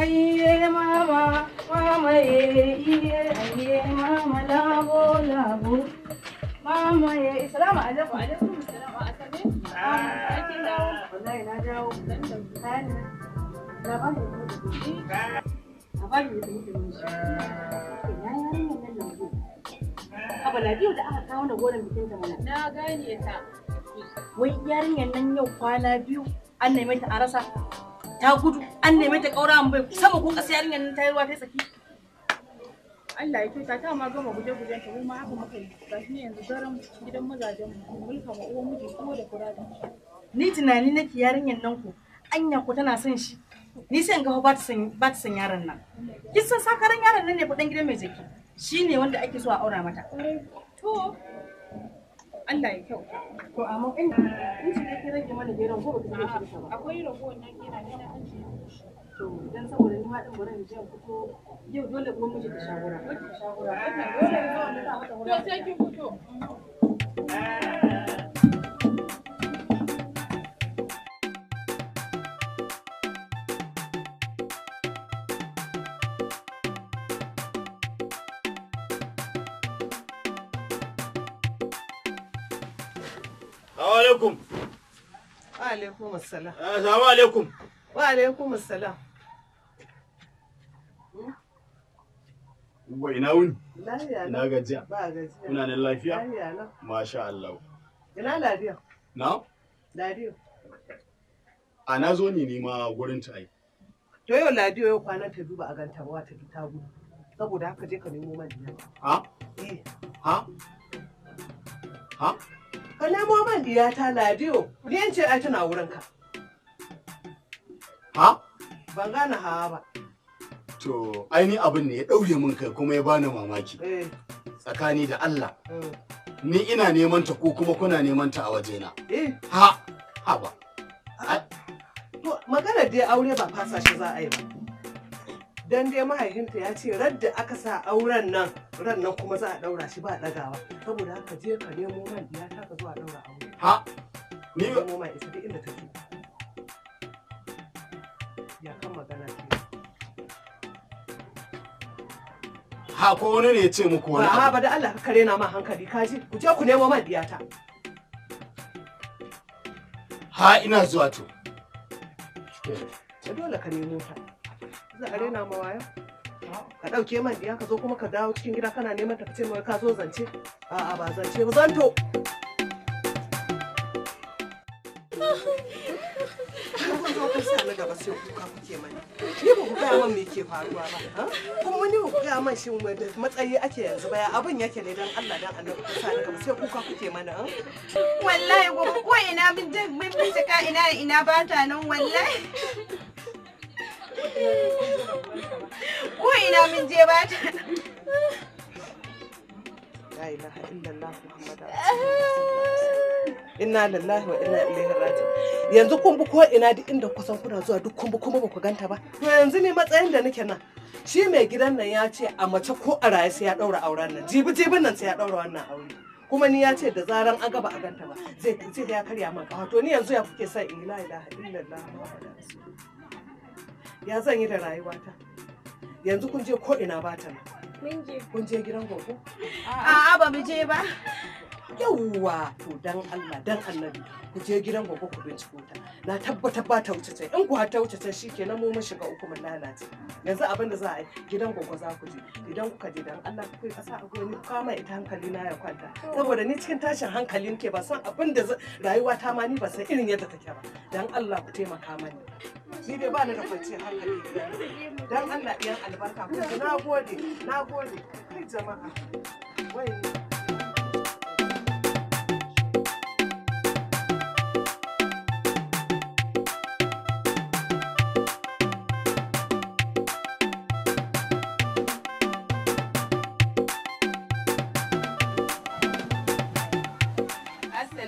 aye mama mama ye iye aye mama labo labo mama ye assalamu alaikum alaikum assalamu alaikum dawo wallahi na dawo ba ni a ba ni da mutum shi na nan nan biyu da aka kawo na gonan bikin ta mana na gane ta wai nan yau kwana biyu an nemi ta a rasa ta gudu an neme ta ƙaura an bai sama ko kasa yarinyar nan ta yi ruwa ta saki Allah ya kyauta ta ma gama guje guje ta mu ma haka muka yi gashi yanzu garan gidan mazajen mu mulka ma uwan miji kuma da kura da ni tunani nake yarinyar nan ko anya ko tana son shi ni sai in ga ba ta san ba ta san yaron nan kin san sakaran yaron nan ne fa gidan mai zaki shine wanda ake so a aura mata to Allah ya kyauta. To amma in in shi rage mana jeron ko ba ka shi ba. Akwai ragowar na yana ne na ajiye shi. To Idan saboda ni ma din gurin jiya fito yau dole ko miji ta shawara. ta Dole zo mu ta mata wurin. To sai kin fito. alaikum assalam. Eh, assalamu alaikum. Wa alaikum assalam. Wa ina wuni? Ina gajiya. Ba gajiya. Kuna nan lafiya? Lafiya Masha Allah. Ina lafiya? Na? Lafiya. A na zo ne nema gurin ta yi. To yau yau kwana ta duba a ganta ba ta ta gudu. Saboda haka je ka nemo man Ha? Eh. Ha? Ha? ka nemo man diyata ladiyo ni yan ce ai tana wurin ka ha ban gane hawa ba to ni abin ne ya daure min kai kuma ya bani mamaki eh. tsakani da Allah eh. ni ina neman ta ko kuma kuna neman ta a wajena eh. ha ha ba magana dai aure ba fasa shi za a yi ba dan dai mahaifinta ya ce radda aka sa auren nan ran nan kuma za a daura shi ba dagawa saboda haka je ka nemo man ya ta ka zuwa daura aure ha ni ba mu mai sai inda kake ya kan magana ce ha ko wani ne ya ce muku wani ba ba da Allah ka kare na ma hankali ka ji ku je ku nemo man diyata ha ina zuwa to dole ka nemo ta za a ma waya ka dauke man diya ka zo kuma ka dawo cikin gida kana neman ta ce mai ka zo zance a'a ba zance ba zanto Ni ba ku gaya man me ke faruwa ba. Kuma ni ba ku gaya man shin matsayi ake yanzu baya abin yake ne dan Allah dan Annabi ku sa daga sai kuka kuke mana. Wallahi gobe ko ina mun je mun bincika ina ina ba ta nan wallahi. ko ina mun je ba ta la ilaha illallah muhammadu inna lillahi wa inna ilaihi raji'un yanzu kun bi ko ina duk inda kusan kuna zuwa duk kun bi kuma ba ku ganta ba to yanzu ne matsayin da nake nan shi mai gidan nan ya ce a mace ko a raye sai ya daura auren nan jibi jibin nan sai ya daura wannan aure kuma ni ya ce da zaran an gaba a ganta ba zai zai ya karya man kawo to ni yanzu ya kuke sa in la ilaha illallah muhammadu ya zan yi da rayuwata yanzu kun je ko ina ba ta nan kun je gidan gogo a'a ba mu je ba yawwa to dan Allah dan annabi ku je gidan gobe ku binciko ta na tabbatar ba ta wuce in ku ta wuce can shikenan mu mun shiga uku mun lalace yanzu abin da za a yi gidan gobe za ku je idan kuka je dan Allah ku kai kasa a gwiwa ni kama ita hankali na ya kwanta saboda ni cikin tashin hankali ke ba san abin da rayuwa ta ma ni ba san irin yadda take ba dan Allah ku taimaka mani ni dai ba ni da kwanci hankali dan Allah iyan albarka ku na gode na gode kai jama'a wai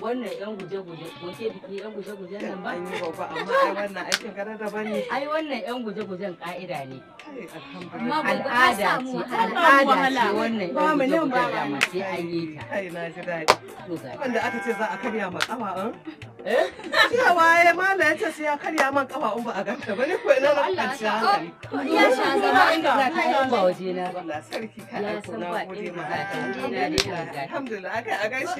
wannan yan guje-guje goke biki yan guje-guje nan ba ni ba amma ai wannan aikin kada da bane ai wannan yan guje-gujen ka'ida ne al'ada ce al'ada ce wannan yan guje-guje ba da mace an yi ta ai na ji dadi wanda aka ce za a karya ma kafa eh cewa eh? ya mala ya ce sai ya karya man kama in ba a ganta ba ni ko ina na hankali. Oh, ya sha zama inda za ta yi ba waje na ba Allah sarki ka aiko na gode ma alhamdulillah kai a gaishe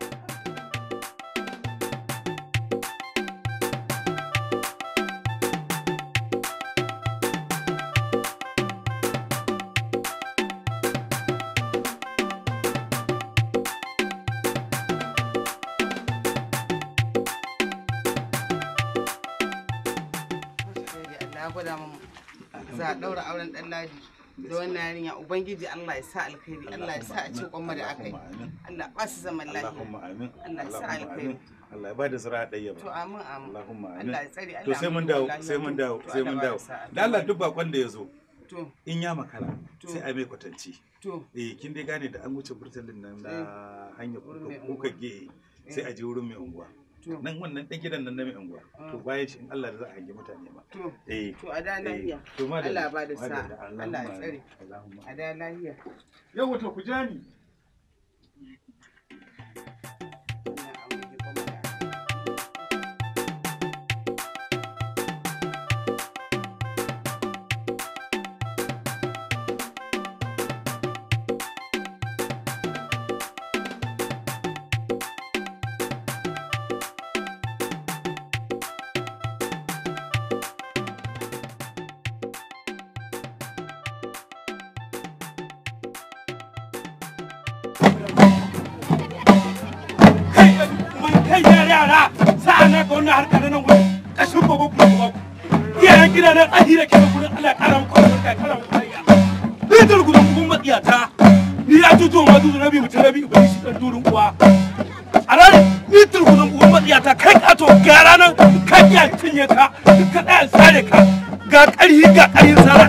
daura auren dan Ladi da wannan yarinya ubangiji Allah ya sa alkhairi Allah ya sa a ci kwamma da akai Allah ba su zaman lafiya Allah ya sa alkhairi Allah ya ba da zira ɗaya ba. To amin amin. Allahumma amin. Allah ya tsare Allah. To sai mun dawo sai mun dawo sai mun dawo. Da Allah duk bakon da ya zo. To. In ya makara sai a mai kwatanci. To. Eh kin dai gane da an wuce burtalin nan na eh. hanyar kuka ge sai a je wurin mai unguwa. nan wannan ɗan gidan nan na mai unguwa ah. to bayan shi in Allah da za a hangi mutane ma eh to a da eh. lahiya Allah ba da sa Allah ya tsare a da lahiya yau to ku jani kan yar yara sa'ana ga wannan harka na nan wani kashin babu kuma iyayen gida na tsahi da kewa kudin Allah kara muku albarka kara muku hayya bitar gudan iya ta ni ya tuto ma tuto rabi mutum rabi ubangi shi dan durin uwa a ranar bitar gudan kun matsiyata kai kato ga ranar kai ya cinye ka ka tsaya sare ka ga ƙarhi ga ƙarhin sara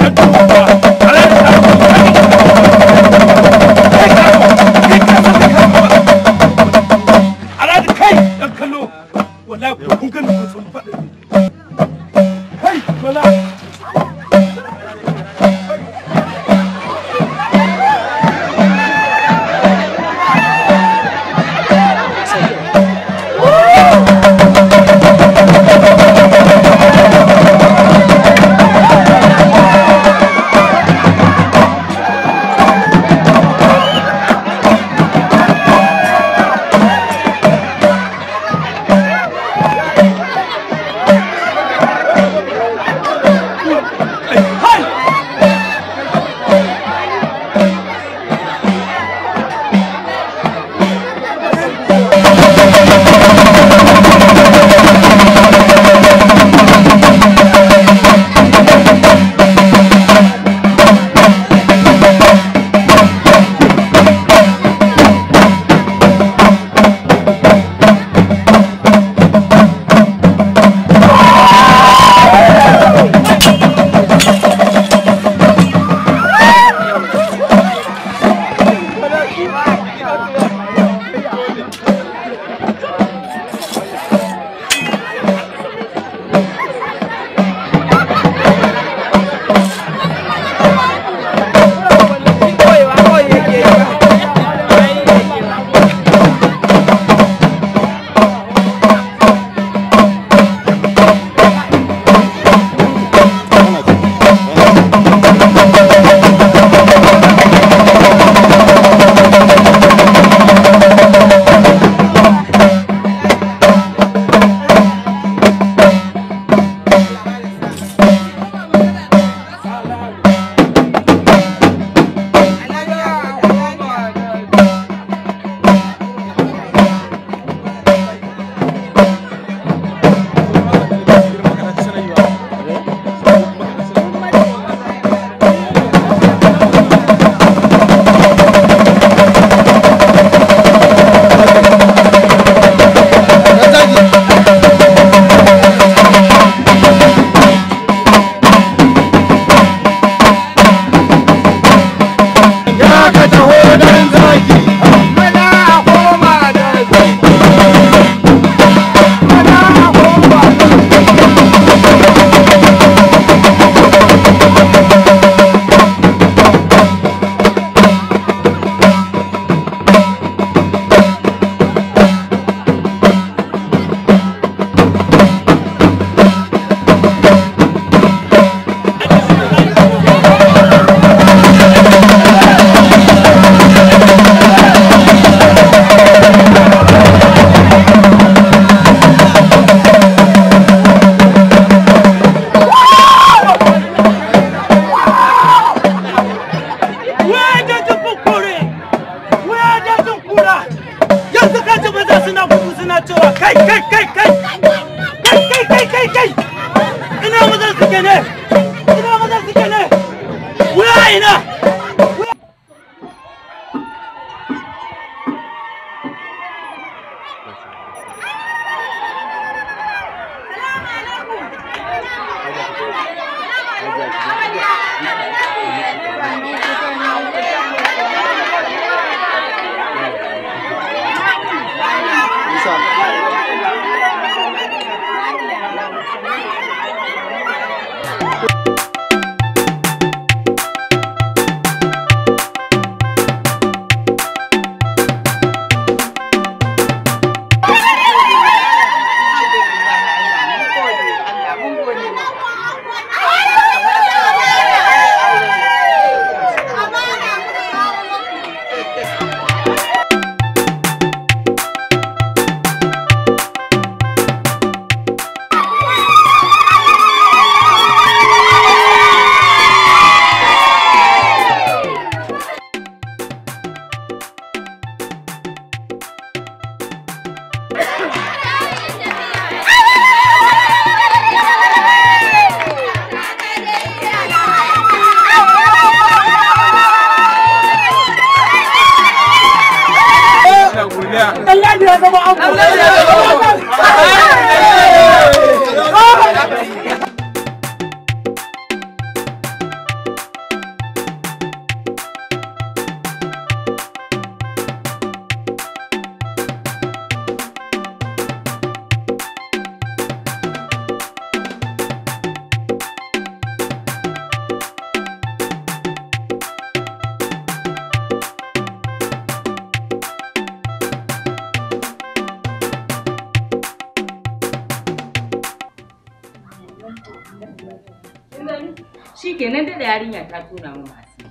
hanya ta tuna mu masu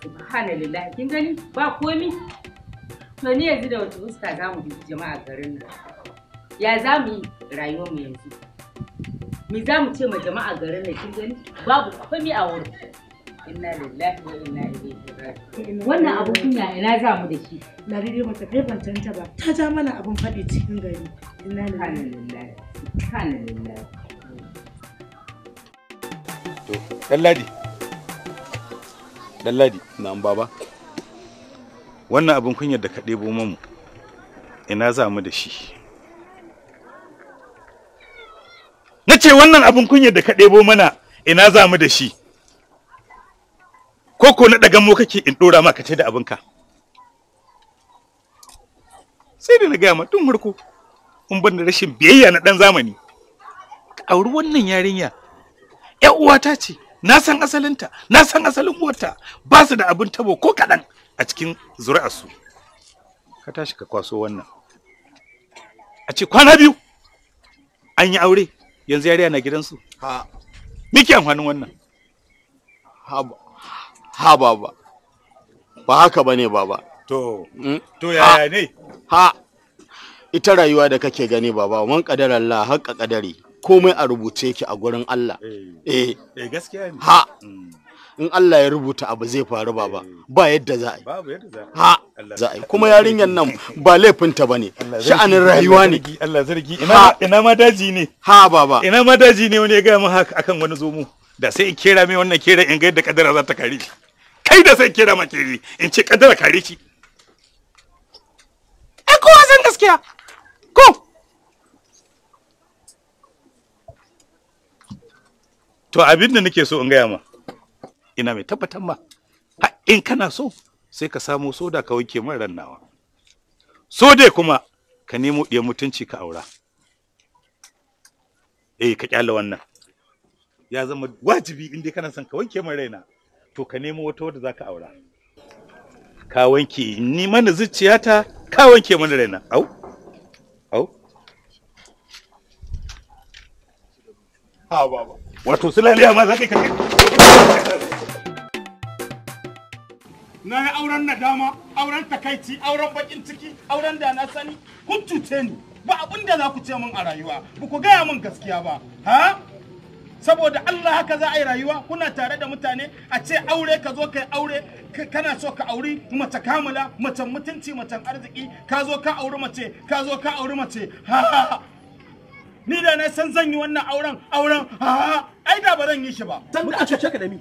subhanallah kin gani ba komi to ni yanzu da wata fuska za mu bi jama'a garin nan ya za mu yi rayuwar mu yanzu mi za mu ce ma jama'a garin nan kin gani babu komi a wurin inna lillahi wa inna ilaihi raji'un wannan abu kunya ina za mu da shi larire mata kai ban canta ba ta ja mana abun faɗi cikin gari inna lillahi subhanallah to dan ladi na Na'am baba. Wannan abin kunyar da ka ɗebo mamu ina za mu da shi. Na ce wannan abin kunyar da ka ɗebo mana ina za mu da shi. Ko ko na ɗagan mu kake in ɗora ma ka ce da abinka. Sai da na gaya tun farko in ban da rashin biyayya na ɗan zamani. Ka auri wannan yarinya. ‘Yan uwata ce, na san asalinta na san asalin uwarta ba su da abin tabo ko kaɗan a cikin zuri'arsu ka tashi ka kwaso wannan a ce kwana biyu an yi aure yanzu yariya na gidansu ha miki amfanin wannan ha baba ba haka ba ne baba to mm. to yaya ne ha ita rayuwa da kake gani baba mun kadar Allah haƙa kadari komai a rubuce yake a gurin Allah eh, eh. eh gaskiya ne ha mm. in Allah ya rubuta abu zai faru ba ba eh. ba yadda za a yi babu yadda za ha za a yi kuma yarinyar nan ba laifinta ba ne sha'anin rayuwa ne Allah zargi ina ina madaji ne ha baba ina madaji ne wani ya ga mu haka akan wani zomo da sai in kera mai wannan kera in ga yadda kadara za ta kare shi kai da sai kera maka kere in ce kadara kare shi ai kowa san gaskiya ko to abin da nake so in gaya ma ina mai tabbatar ma in kana so sai ka samo soda ka wanke man rannawa so dai kuma ka nemo ɗiyar mutunci ka aura eh ka kyale wannan ya zama wajibi in dai kana son ka wanke man raina to ka nemo wata wadda za ka aura ka wanke ni mana zuciyata ka wanke mana raina au au ha baba wato sulaliya ma za ka kake na yi auren nadama auren takaici auren bakin ciki auren da na sani kun cuce ni ba abin da za ku ce min a rayuwa ba ku gaya min gaskiya ba ha saboda Allah haka za a yi rayuwa kuna tare da mutane a ce aure ka zo kai aure kana so ka auri mace kamula mace mutunci mace arziki ka zo ka auri mace ka zo ka auri mace ha ni da na san zan yi wannan auren auren ai da ba zan yi shi ba san da ka da mi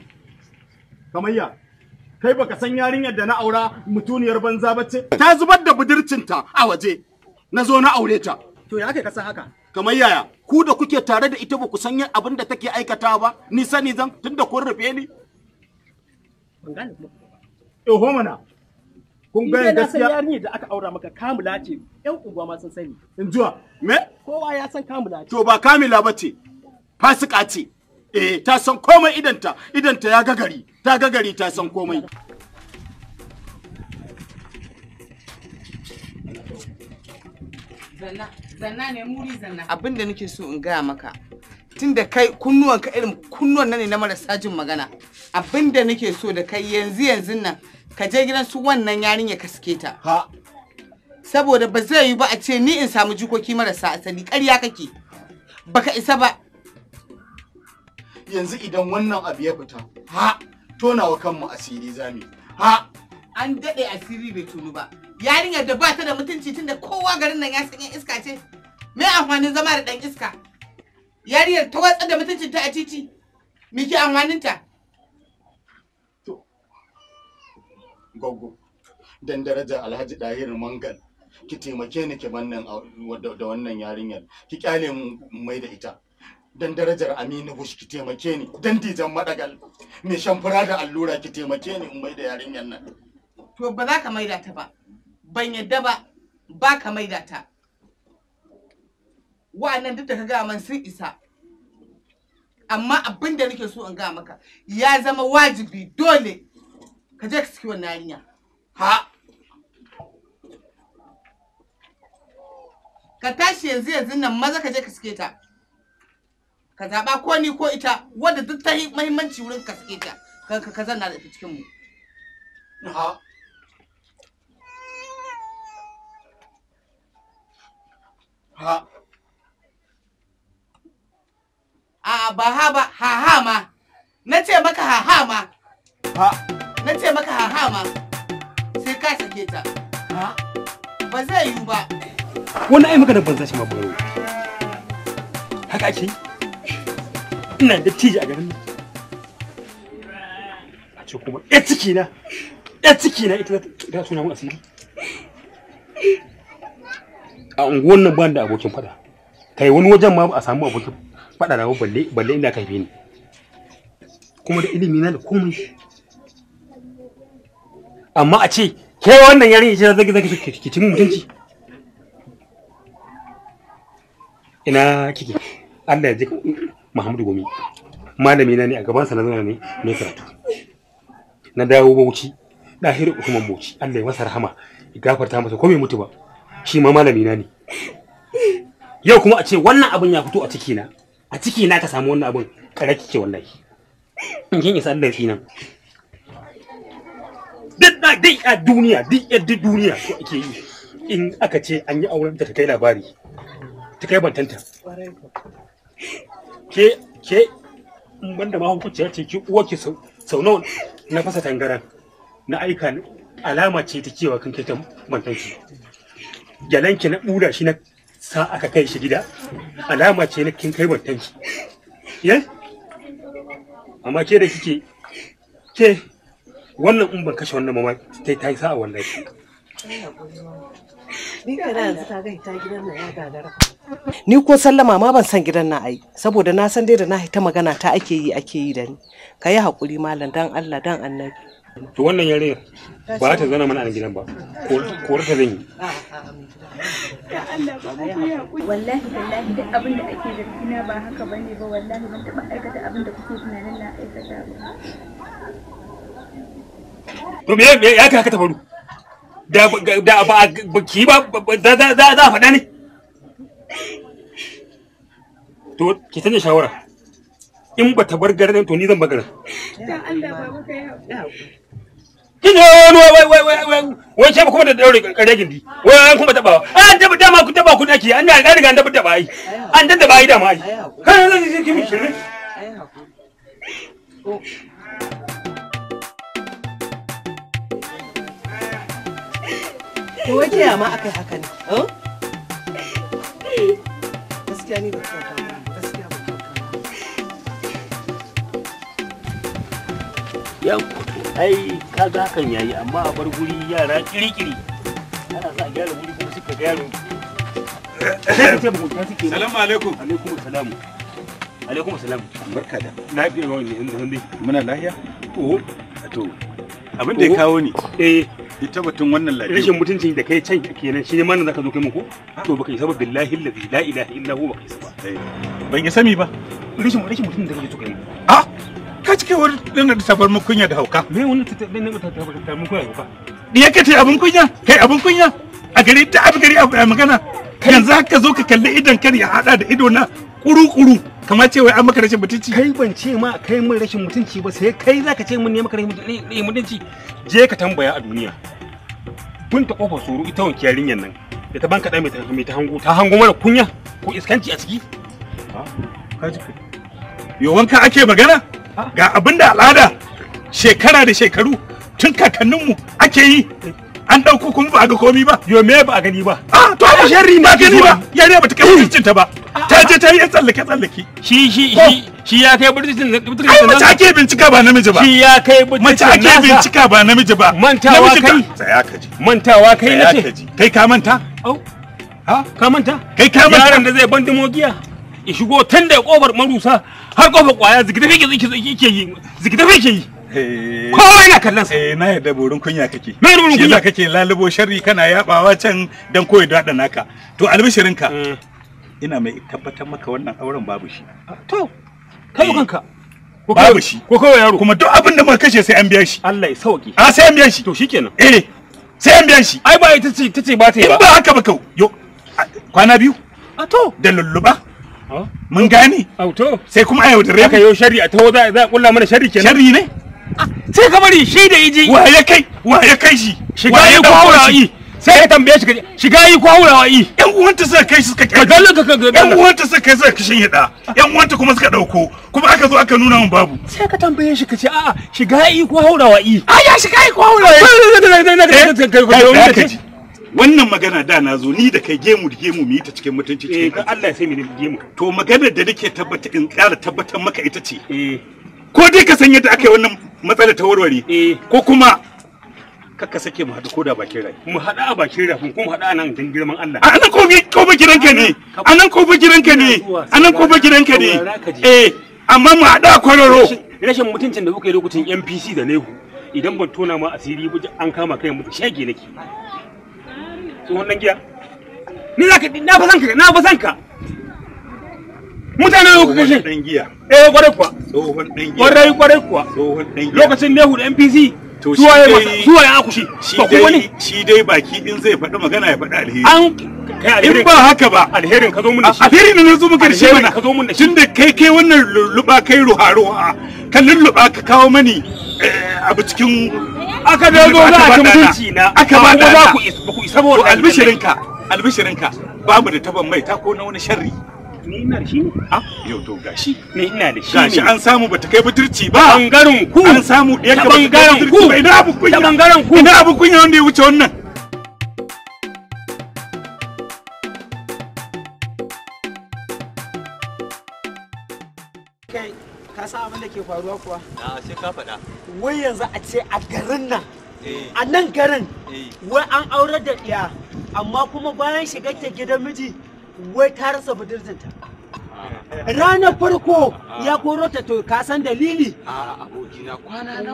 kamayya kai baka san yarinyar da na aura mutuniyar banza ba ce ta zubar da budurcinta a waje na zo na aure ta to ya kai ka san haka kamayya yaya ku da kuke tare da ita ba ku san abin da take aikata ba ni sani zan tunda kun rufe ni ban gane eh mana kun ga gaskiya da aka aura maka kamula ce yan unguwa ma sun sani in me kowa ya san kamula ce to ba kamila ba ce fasika ce eh ta san komai idanta idanta ya gagari ta gagari ta san komai zanna zanna ne muri zanna abinda nake so in gaya maka tunda kai kunnuwan ka irin kunnuwan nan ne na marasa jin magana abinda nake so da kai yanzu yanzu nan ka je gidan su wannan yarinya ya kaske ta ha saboda ba zai yi ba a ce ni in samu jikoki marasa asali ƙarya kake baka isa ba yanzu idan wannan abu ya fita ha tonawa kanmu asiri zami ha an daɗe asiri bai tunu ba yarinyar da ba ta da mutunci tunda kowa garin nan ya san iska ce me amfanin zama da ɗan iska yariyar ta watsa da mutuncinta a titi miki amfaninta gogo dan daraja alhaji dahir mangal ki taimake ni ki bannan da wannan yarinyar ki kyale mai da ita dan darajar aminu bush ki taimake ni dan dijan madagal mai shan fura da allura ki taimake ni mai da yarinyar nan to ba za ka maida ta ba ban yadda ba ba ka maida ta wa'annan duk da ka gaya man sun isa amma abin da nake so in ga maka ya zama wajibi dole ka je ka saki wannan yarinya ha ka tashi yanzu yanzu nan maza ka je ka sake ta ka zaɓa ko ni ko ita wadda duk ta yi mahimmanci wurin ka sake ta ka zanna da mu ha ha a ba ha ba ha ha ma na ce maka ha ha ma ha na ce maka ha ha ma sai ka sake ta ha ba zai yiwu ba wannan ai da banza shi ma ba haka ake ina da tiji a garin a ce kuma ya ciki na ya ciki na ita ta suna mun asiri a unguwan nan ban da abokin fada kai wani wajen ma a samu abokin faɗa na balle balle inda ka fi ni kuma da ilimi na da komai amma a ce ke wannan yarin yace zaki zaki ki cin mutunci ina kike Allah ya ji Muhammadu Gomi malami na ne a gaban sa na zana ne ne karatu na dawo Bauchi hiru Usman Bauchi Allah ya masa rahama ya gafarta masa ko me mutu ba shi ma malami na ne yau kuma a ce wannan abin ya fito a cikina a ciki na ka samu wannan abun kare kike wallahi in kin isa Allah nan duk da dai a duniya duk yadda duniya ko ake yi in aka ce an yi auren ta kai labari ta kai bantanta ke ke in banda ma hukunci ce ki uwa ki sau nawa na fasa tangaran na aika alama ce ta cewa kan kai ta bantanki gyalanki na bura shi na sa aka kai shi gida alama ce na kin kai shi yes amma ke da kike ke wannan in ban kashe wannan mama ta ta yi sa'a wallahi Ni ko sallama ma ban san gidan na ai saboda na san dai da na ta magana ta ake yi ake yi da ni ka yi haƙuri malam dan Allah dan annabi to wannan yare ba ta zana mana a gidan ba ko ta zan yi ya Allah ba ku ya wallahi wallahi duk abin da ake zargi na ba haka bane ba wallahi ban taba aikata abin da kuke tunanin na aikata ba to me ya ka haka ta faru da da ba ki ba za za za a faɗa ne to ki sanya shawara in ba ta bar garin to ni zan bar garin dan Allah ba ku ya kin wani wai wai wai wai wai ke kuma da daure kare gindi wai an kuma taba an taba dama ku taba ku daki an da riga an taba taba ai an da taba ai dama ai kai zan kimi shirin To wace ya ma akai haka ne? Gaskiya ni ba Gaskiya ba kyauta ai kaga hakan yayi amma a bar guri yara kirikiri ana sa gyara guri kuma suka gyara sai salamu alaikum alaikum salam alaikum salam barka da lafiya wani inda hande muna lafiya to to abin da ya kawo ni eh ita tabbatun wannan lafiya rashin mutuncin da kai can kenan shi ne ma nan zaka zo kai mu ko to baka yi sabab billahi la ilaha illa huwa baka yi sabab eh. ban yi sami ba rashin rashin mutuncin da kake so kai ah cikin wani dinga tafar mun kunya da hauka me wani tafar mun kunya da hauka diya kace abun kunya kai abun kunya a gari ta abu gari abu magana yanzu haka zo ka kalli idan kar ya hada da ido na kuru-kuru kamar cewa an maka rashin mutunci kai ban ce ma kai mun rashin mutunci ba sai kai zaka ce mun ne maka rashin mutunci je ka tambaya a duniya kun ta kofar suru ita wanke yarinyan nan da ta banka mai ta hango ta hango mana kunya ko iskanci a ciki ka ji yo wanka ake magana ga abin da al'ada shekara da shekaru tun kakanninmu ake yi an ɗauko kuma ba ga komi ba yo me ba gani ba a to ba sharri ne gani ba ne ba ta kai mutuncin ta ba ta je ta yi tsallake tsallake shi shi shi ya kai burtutun burtutun ai mace ake bincika ba namiji ba shi ya kai burtutun mace ake bincika ba namiji ba mantawa kai tsaya ka ji mantawa kai nace kai ka manta au ha ka manta kai ka manta yaron da zai bandi giya ya shigo tun da kofar marusa har kofar kwaya zikitafe ke yake yi zikitafe ke yi eh, kowa yana kallon sa eh na yadda borin kunya kake na yadda borin kunya kake lalubo sharri kana yabawa can dan koyi dada naka to albishirinka eh. ina mai tabbatar maka wannan auren babu shi to kai eh. kanka babu shi ko kawai yaro kuma duk abin da muka kashe sai an biya shi Allah ya sauke a ah, sai an biya shi to shikenan eh sai an biya shi ai ba ita ce tace ba ta yi ba ba haka ba kau yo kwana biyu a to da lulluba mun gane to sai kuma a yaudare ka yo shari a taho za a kulla mana shari kenan shari ne sai ka bari shi da iji wa ya kai wa ya kai shi shiga yi ko haurawa yi sai ya tambaye shi shiga yi ko haurawa yi yan uwanta suka kai suka kai ka ka ga yan uwanta suka kai suka kishin hida yan uwanta kuma suka dauko kuma aka zo aka nuna min babu sai ka tambaye shi ka ce a'a shiga yi ko haurawa yi a ya shiga yi ko haurawa yi wannan magana da na zo ni da kai gemu da gemu mu yi ta cikin mutunci cikin eh Allah ya sai mu gemu to maganar da nake tabbata in ƙara tabbatar maka ita ce eh ko dai ka san yadda aka yi wannan matsala ta warware eh ko kuma ka sake mu haɗu koda bakin rai mu haɗu a bakin kun kuma haɗu a nan don girman Allah a nan ko ko ba gidanka ne a nan ko ba gidanka ne a nan ko ba gidanka ne eh amma mu haɗu a kwararo rashin mutuncin da kuka yi lokacin NPC da Lehu idan ban tona ma asiri an kama kai mutu shage nake tsohon giya ni na fa sanka na fa sanka mutane yau kuka shi dan giya eh kwarai kuwa tsohon dan giya kwarai kwarai kuwa tsohon dan giya lokacin da NPC to zuwa ya masa akushi ba ku wani shi dai baki zai faɗi magana ya faɗi alheri an in ba haka ba alherin ka zo mun shi alherin nan zo mana ka zo mun shi tunda kai kai wannan lulluba kai ruha ka lulluba ka kawo mani eh, abu cikin aka da zo za a ci mutunci na aka ba da ku ba ku isa ba albishirinka albishirinka ba mu da taban mai ta ko na wani sharri ni ina da shi ne a ah, yau to gashi ni ina da shi ne gashi an samu bata kai budurci ba bangaren ku an samu da yake bangaren ku ina abu kunya ina abu kunya wanda ya wuce wannan ke faruwa kuwa? A ah, ka faɗa. Wai yanzu a ce a garin nan. Eh. A nan garin. Eh. Wai an aure da ɗiya. Amma kuma bayan shigar ta gidan miji wai ta rasa budurjinta. Ah. Ranar farko ah. ya koro ta to ka san dalili?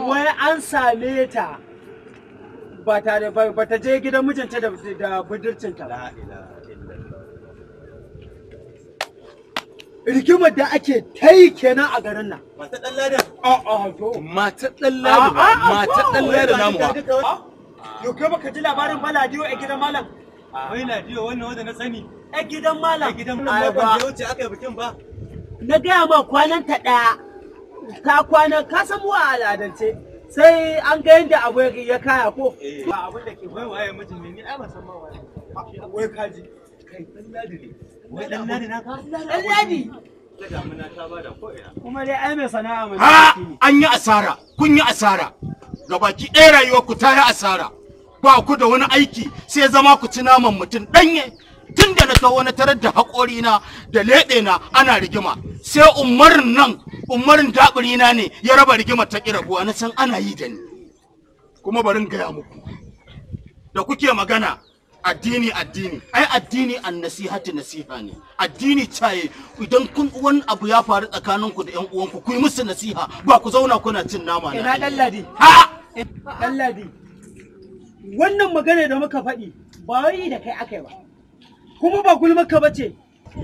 Wai an same ta ba ta je gidan mijinta da budurcinta. rigimar da ake ta yi kenan a garin nan. Mata ɗan ladan. Mata Mata ɗan ladan namu ba. Yau kai baka ji labarin ba Ladiyo a gidan malam. Wai Ladiyo wannan wanda na sani. A gidan malam. A gidan malam Na gaya ma kwanan ta ɗaya. Ka ka a al'adance. Sai an ga yadda abu ya kaya ko. Eh. Abin da ke mijin ne ni ai san ma Wai kaji. Kai ɗan ladan ne. ha an yi asara kun yi asara gabaki ɗaya rayuwar ku ta yi asara ba ku da wani aiki sai zama ku ci naman mutum ɗanye tun da na ga wani tarar da haƙori na da leɗe na ana rigima sai umarin nan umarin daƙurina ne ya raba rigima ta ƙi na san ana yi da ni kuma barin gaya muku da kuke magana addini addini ai addini an nasihati nasiha ne addini chai idan kun wani abu ya faru tsakanin ku da yan uwanku ku yi musu nasiha ba ku zauna kuna cin nama ina dalladi ha dalladi wannan magana da muka faɗi ba wai da kai akai ba kuma ba gulmaka bace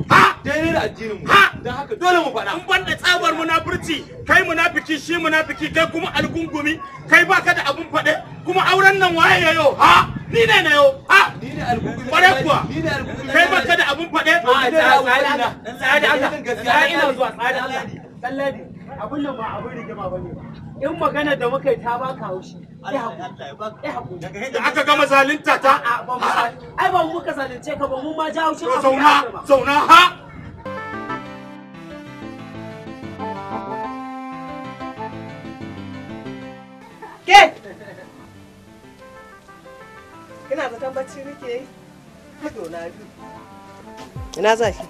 ha daidai da addinin mu ha dan haka dole mu faɗa mun banda tsabar munafurci kai munafiki shi munafiki kai kuma algungumi kai baka da abun faɗe kuma auren nan waye yayo ha ni ne na yau a ah! kuwa kai ka da abun faɗe ah, a da ina zuwa tsaya da Allah kallabi abun nan ba abun rigima ba ne in magana da muka baka aka gama zalunta ta ai ba muka zalunce ka ba mu ma ja zauna zauna ha zaton bacci nake yi biyu ina za ki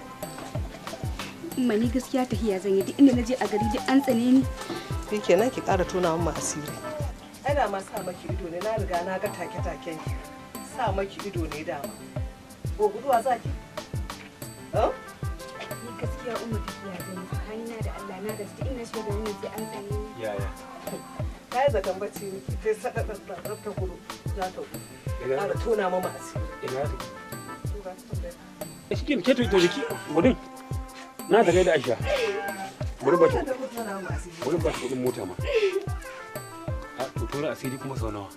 umma ni gaskiya zan yi duk inda naje a gari duk an tsane ni shi kenan ki ƙara tona min asiri ai da ma sa maki ido ne na riga na ga take take sa maki ido ne da ko guduwa za ki ni gaskiya umma zan yi tsakanina da Allah na gaske ina so da sai an tsane ni yaya kai zaton bacci nake kai saka tsantsan ta kuro. za ta ƙara tona mama asiri ina ta shi ke ke to jiki gudun na ta gaida aisha bari ba ta bari ba kudin mota ma a to asiri kuma sau nawa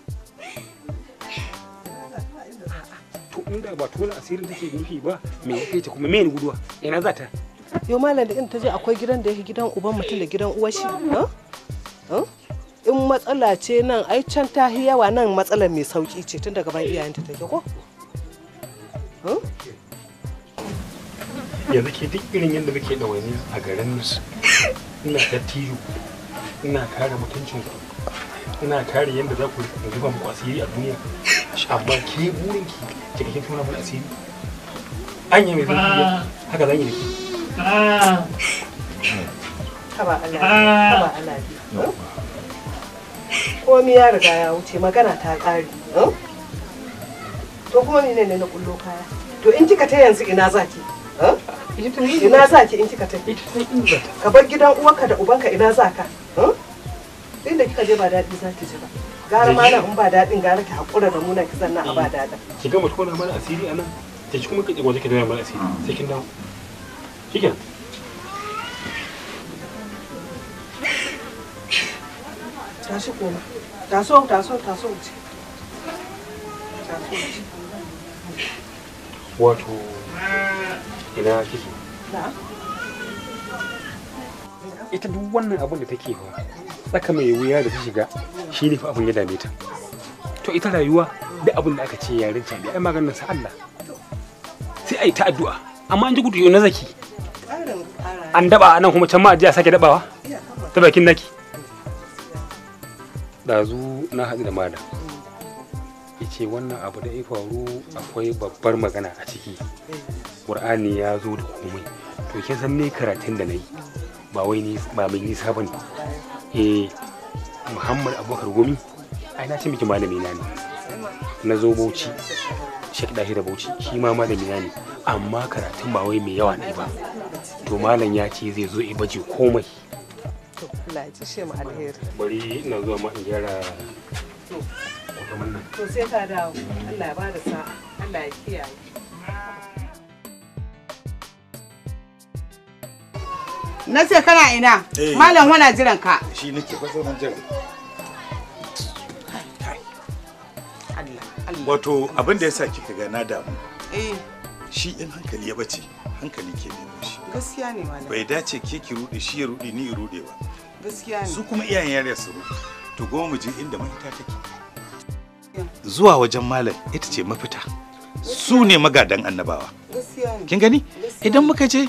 to inda ba tona asirin take nufi ba me yake ta kuma me ni guduwa ina za ta yo malam da in ta je akwai gidan da yake gidan uban mutum da gidan uwar shi in matsala ce nan ai can ta yawa nan matsala mai sauki ce tun daga bayan iyayen ta take ko hmm? yanzu ke duk irin yadda muke da wani a garin su ina ta tiyo ina kare mutuncin ku ina kare yadda za ku zuba muku asiri a duniya amma ke burin ki ki kike tona mun asiri an yi mai zuciya haka zan yi da ki haba Allah haba Allah komi ya riga ya wuce magana ta ƙare to kuma ne ne na kullo kaya to in kika ta yanzu ina za ki ina za ki in kika ta ka bar gidan uwarka da ubanka ina za ka inda kika je ba daɗi za ki ji ba gara mana in ba daɗin gara ki haƙura da muna ki zanna a ba mm. daɗin ki gama tona mana asiri a nan ta ci kuma ki waje ki tona mana asiri sai kin dawo shikenan tashi koma taso taso taso wuce wato ina kike ita duk wannan abin da take yi tsaka mai wuya da ta shiga shi ne fa abin ya dame ta to ita rayuwa da abin da aka ce yaren ta ai maganar sa Allah sai ai ta addu'a amma an ji gudu na zaki an daba nan kuma can ma a sake dabawa ta bakin naki ɗazu na haɗu da malam ya ce wannan abu da ya faru akwai babbar magana a ciki ƙur'ani ya zo da komai to ke san ne karatun da na yi ba wai ni ba mai nisa ba ne eh muhammad abubakar gumi ai na ce miki malami na ne na zo bauchi shek dahi da bauchi shi ma malami na ne amma karatun ba wai mai yawa ne ba to malam ya ce zai zo i baje komai to Allah ya mu alheri bari ina zuwa ma in gyara to sai ka dawo Allah ya bada sa'a Allah ya kiyaye na ce kana ina eh. malam wana jiran ka shi nake wato abin da ya sa kika ga na damu eh. shi in hankali ya bace hankali ke nemo shi gaskiya ne malam bai dace ke ki shi ya rude ni ya rude ba gaskiya ne su kuma iyayen yare su to goma mu je inda mafita take zuwa wajen malam ita ce mafita su ne magadan annabawa kin gani idan muka je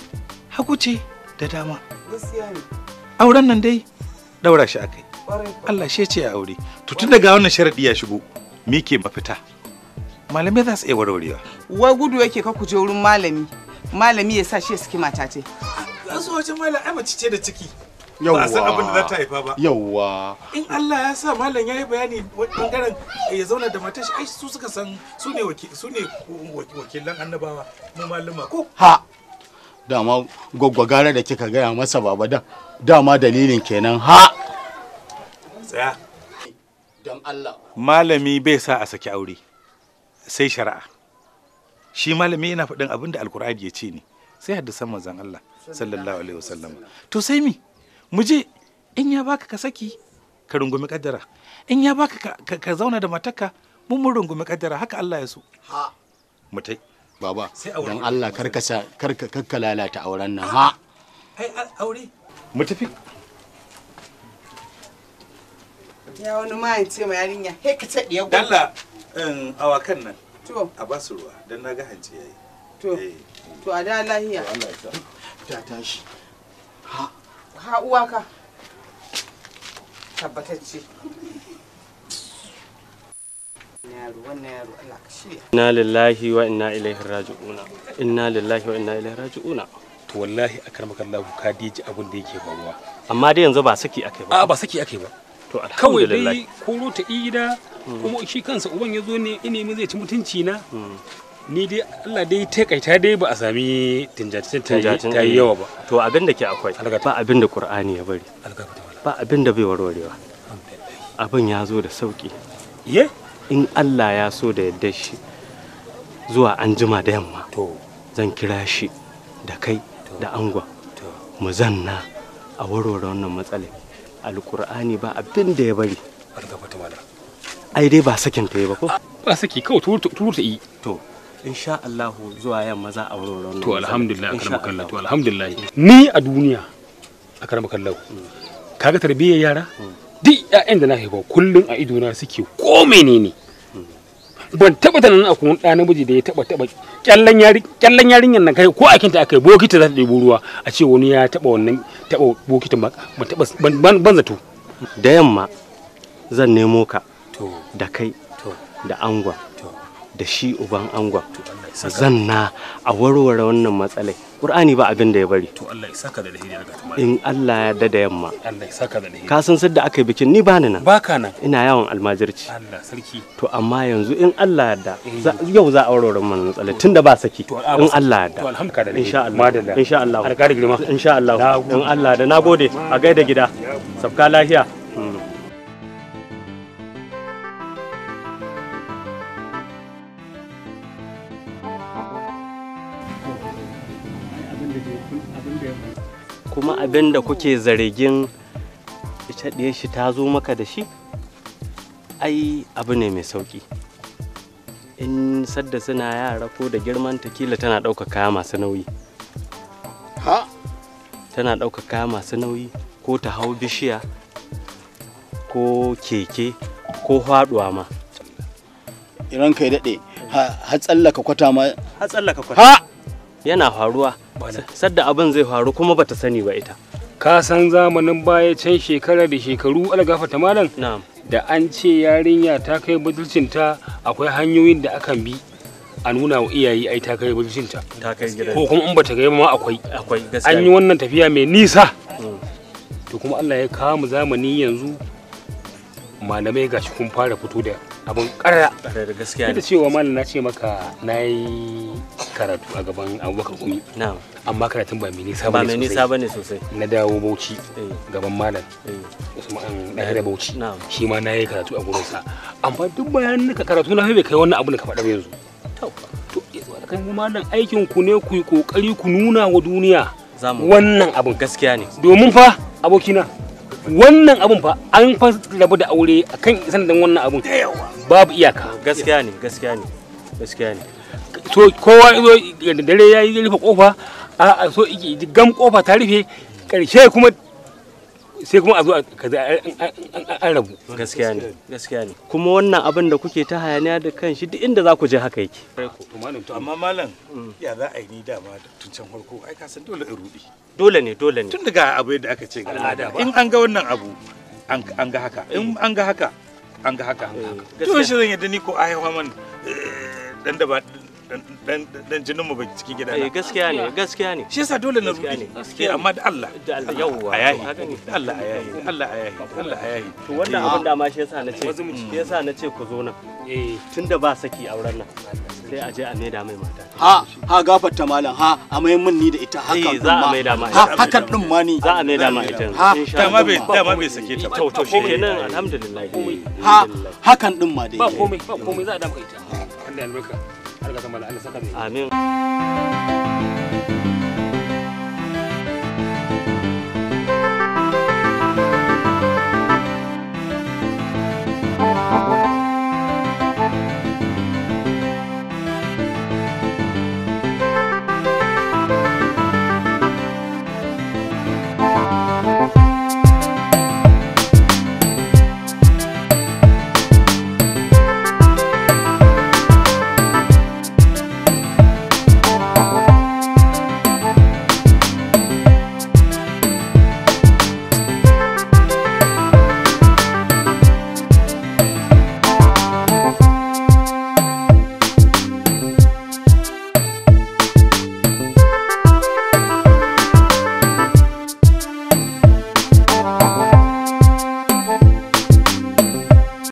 haku ce da dama auren nan dai daura shi akai Allah shi ce ya aure to tun daga wannan sharadi ya shigo me ke mafita malamai za su iya warwarewa wa gudu yake ka kuje wurin malami malami ya sa shi ya saki mata ce a zuwa wajen malam ai mace ce da ciki ba san abin da za ta haifa ba yawwa in Allah ya sa malam yi bayani bangaren ya zauna da matar shi su suka san su ne su ne wakilan annabawa mu malama ko ha dama gwaggwagara da kika gaya masa baba da dama dalilin kenan ha tsaya don Allah malami bai sa a saki aure sai shari'a shi malami yana faɗin abin da alkur'ani ya ce ne sai haddasan manzon Allah sallallahu alaihi wasallam to sai mi mu je in ya baka ka saki ka rungumi kaddara in ya baka ka ka zauna da matarka mun mun rungumi kaddara haka Allah ya so ha mutai baba dan Allah karkasa karka karka lalata auren nan ha ai aure mu tafi ya wani ma in ce ma yarinya he ka tsadi ya dalla in um, awakan nan to a ba su ruwa dan naga hanci yayi to eh. to a da lahiya Allah ya sa ta tashi ha ha uwa ka tabbatacce inna lillahi wa inna ilaihi raji'una inna lillahi wa inna ilaihi raji'una to wallahi akar makallahu ka diji abin da yake faruwa amma dai yanzu ba saki akai ba a ba saki akai ba to alhamdulillah kawai dai koro ta ida kuma shi kansa uban ya zo ne mu zai ci mutunci na hmm. ni dai Allah dai taƙaita dai ba a sami tinjatin ta yi eh, yawa ba to abin da ke akwai ba abin da Qur'ani ya bari ba abin da bai warwarewa abin ya zo da sauƙi ye in Allah ya so da yadda shi zuwa an jima da yamma to zan kira shi da kai da angwa mu zanna a warware wannan matsalar alqur'ani ba abin da ya bari ai dai ba sakin ta yi ba ko ba saki kawai turu ta yi to insha Allah zuwa yamma za a wurin to alhamdulillah akar makallahu to alhamdulillah mm. ni a duniya akar makallahu mm. kaga tarbiyyar yara mm. duk ƴaƴan da na haifa kullun a idona suke ko menene ban taba ta na kuma ɗa namiji da ya taba taba kyallan yarinyar nan kai ko a kinta akai bokiti za ta ɗebo ruwa a ce wani ya taba wannan taba bokitin ba ban taba ban zato da yamma zan nemo ka da kai da angwa da shi uban angon zanna a warware wannan matsalai ƙur'ani ba abin da ya bari in Allah ya da yamma ka san sadda aka yi bikin ni bani nan nan ina yawon almajirci to amma yanzu in Allah ya da eh. yau za a warware wannan matsalai tunda ba saki in Allah ya da insha Allah insha Allah insha Allah in Allah da nagode a gaida gida sabka lafiya kuma abin da kuke zargin ita ɗaya shi ta zo maka da shi ai abu ne mai sauki in sadda suna yara ko da girman takila tana ɗauka kaya masu nauyi ha tana ɗauka kaya masu nauyi ko ta hau bishiya ko keke ko faɗuwa ma iran kai daɗe ha tsallaka kwata ma ha tsallaka kwata ha yana faruwa malam sadda abin zai faru kuma bata sani ba ita ka san zamanin baya can shekara da shekaru algafa ta malam na'am da an ce yarinya ta kai budurcinta akwai hanyoyin da akan bi a nuna wa iyaye ai ta kai budurcinta ta kai gidan ko kuma in bata kai ma akwai akwai an yi wannan tafiya mai nisa mm. to kuma Allah ya kawo mu zamani yanzu malamai gashi kun fara fito da abun ƙarara da gaskiya ne Ita cewa malam na ce maka na yi karatu a gaban abubakar kumi. na'am amma karatun ba mai nisa bane sosai ba mai nisa sosai na dawo bauchi eh. gaban malam eh. usman ɗaya eh, da bauchi shi ma na yi karatu a gurinsa amma duk bayan ka karatu na bai kai wannan abin da ka faɗa yanzu to kan malam aikin ku ne ku yi kokari ku nuna wa duniya wannan abun gaskiya ne domin fa abokina wannan abun fa an fa rabu da aure akan sanin wannan abun babu iyaka gaskiya ne gaskiya ne gaskiya ne to kowa zo da dare ya yi rufe kofa a so gam kofa ta rufe karshe kuma sai kuma a zo a rabu gaskiya ne gaskiya ne kuma wannan abin da kuke ta hayaniya da kan shi duk inda za ku je haka yake to amma malam ya za a yi ni dama tun can farko ai ka san dole in rubi dole ne dole ne tun daga abu da aka ce ga al'ada in an ga wannan abu an ga haka in an ga haka an ga haka eh, to shi zan yadda ni ko a haihuwa man eh, dan da ba dan jinin mu ba cikin gida na eh, gaskiya ne gaskiya ne shi yasa dole na rubi gaskiya amma da Allah da Allah yawwa ayahi da Allah ayahi Allah ayahi Allah ayahi to wannan abin da ma shi yasa nace shi yasa nace ku zo nan eh tunda ba saki auren nan sai a je a maida mai mata ha ha gafarta malam ha a mai min ni da ita hakan eh, za a mai da ma ha hakan din ma ni za a mai da ma ita ha ta ma bai da ma bai sake ta to to shikenan alhamdulillah ha haka din ma dai ba komai ba komai za a da maka ita Allah ya albarka Allah ya saka mai amin